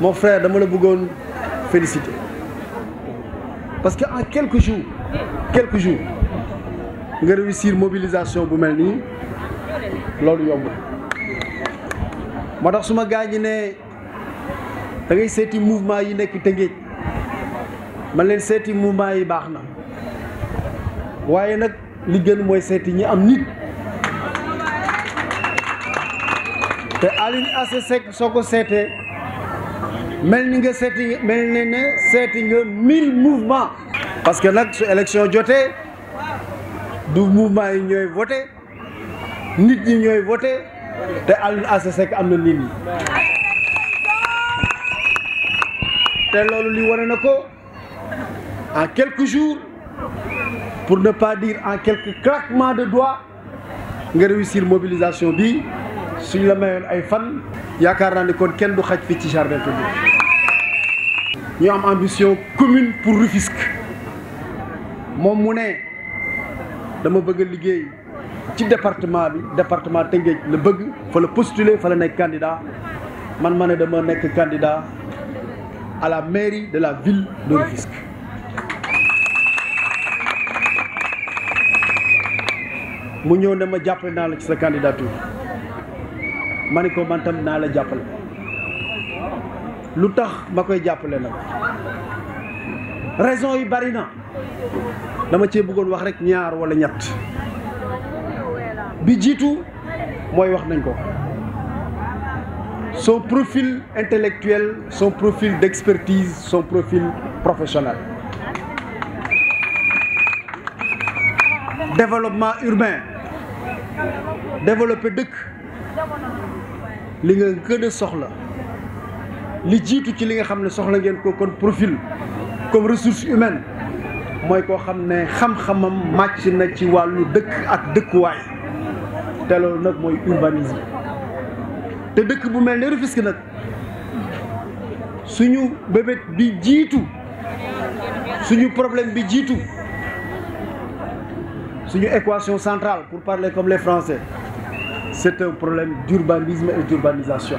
mon frère je la vous féliciter parce qu'en quelques jours quelques jours nga réussir mobilisation pour mel Je loolu que je veux ñi da ngay un mouvement yi nekk Tëngéej man leen mouvement mel mouvements parce que dans l'élection élection mouvement voté nit ñi voté en quelques jours pour ne pas dire en quelques claquements de doigts nga réussir mobilisation bi suñ la des ay fan ni kon kenn du jardin ñu am ambition commune pour Rufisque Mon monnaie, je dama bëgg dans liggéey ci département bi département de Tengue, bëgg fa la postuler fa la être candidat man ma ne dama candidat à la mairie de la ville de Rufisque mu ñëw ne ma jàppale naa la ci sa candidature ma ko man tam la lu makoy ma raison yi bari na dama ci bëggoon wax rek ñaar wala ñatt bi pas moy wax nañ ko son profil intellectuel son profil d'expertise son profil professionnel développement urbain développer dëkk li nga soxla li jiitu ci li nga xam soxla ngeen ko kon profil comme ressource humaine mooy ko xamné xam-xamam match na ci walu dekk ak way té loolu nak moy urbanisme té dekk bu melni ne nak suñu bébét bi jitu suñu problème bi jitu suñu équation centrale pour parler comme les Français c'est un problème d'urbanisme et d'urbanisation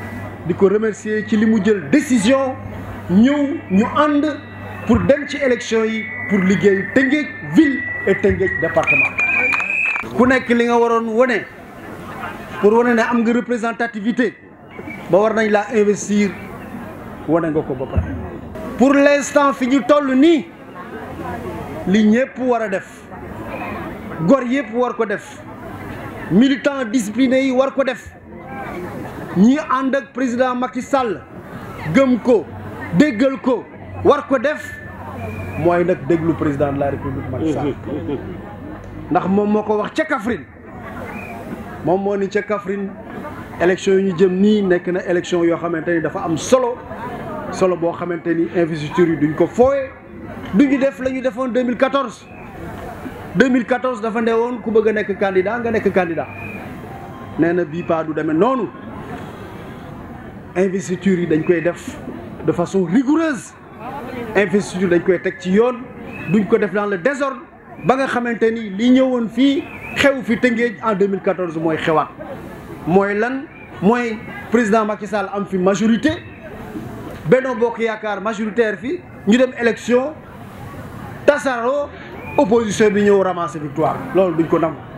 diko remercier ci limu jël décision ñëw ñu and pour dem ci élection yi pour liguey Tëngéej ville et Tëngéej département ku nek li nga waroon woné pour woné ne am nga représentativité ba war nañ la investir woné nga ko ba pare pour l'instant fi ñu toll ni li ñepp wara def gor yëpp war ko def militant discipliné yi war ko def ñi and ak président Macky Sall gëm ko déggal ko war ko def moy nak déglu président de la république Macky Sall ndax mom moko wax ci Kaffrine mom mo ni ci Kaffrine élection yu ñu jëm ni nek na élection yo xamanteni dafa am solo solo bo xamanteni ni investiture yi duñ ko fooye duñu def lañu defon 2014 2014 dafa ne ku bëgg a candidat nga nek candidat nee bi pa du demee nonou investiture d'un dañ koy def de façon rigoureuse investiture dañ koy tek ci yoon duñ ko def dans le désordre ba nga xamanteni li ñëwoon fi xew fi Tëngéej en 2014 moy xewaat moy lan moy président Macky Sall am fi majorité Benno Bokk Yaakaar majoritaire fi ñu dem élection Tassaro, opposition bi ñëw ramasser victoire loolu duñ ko nam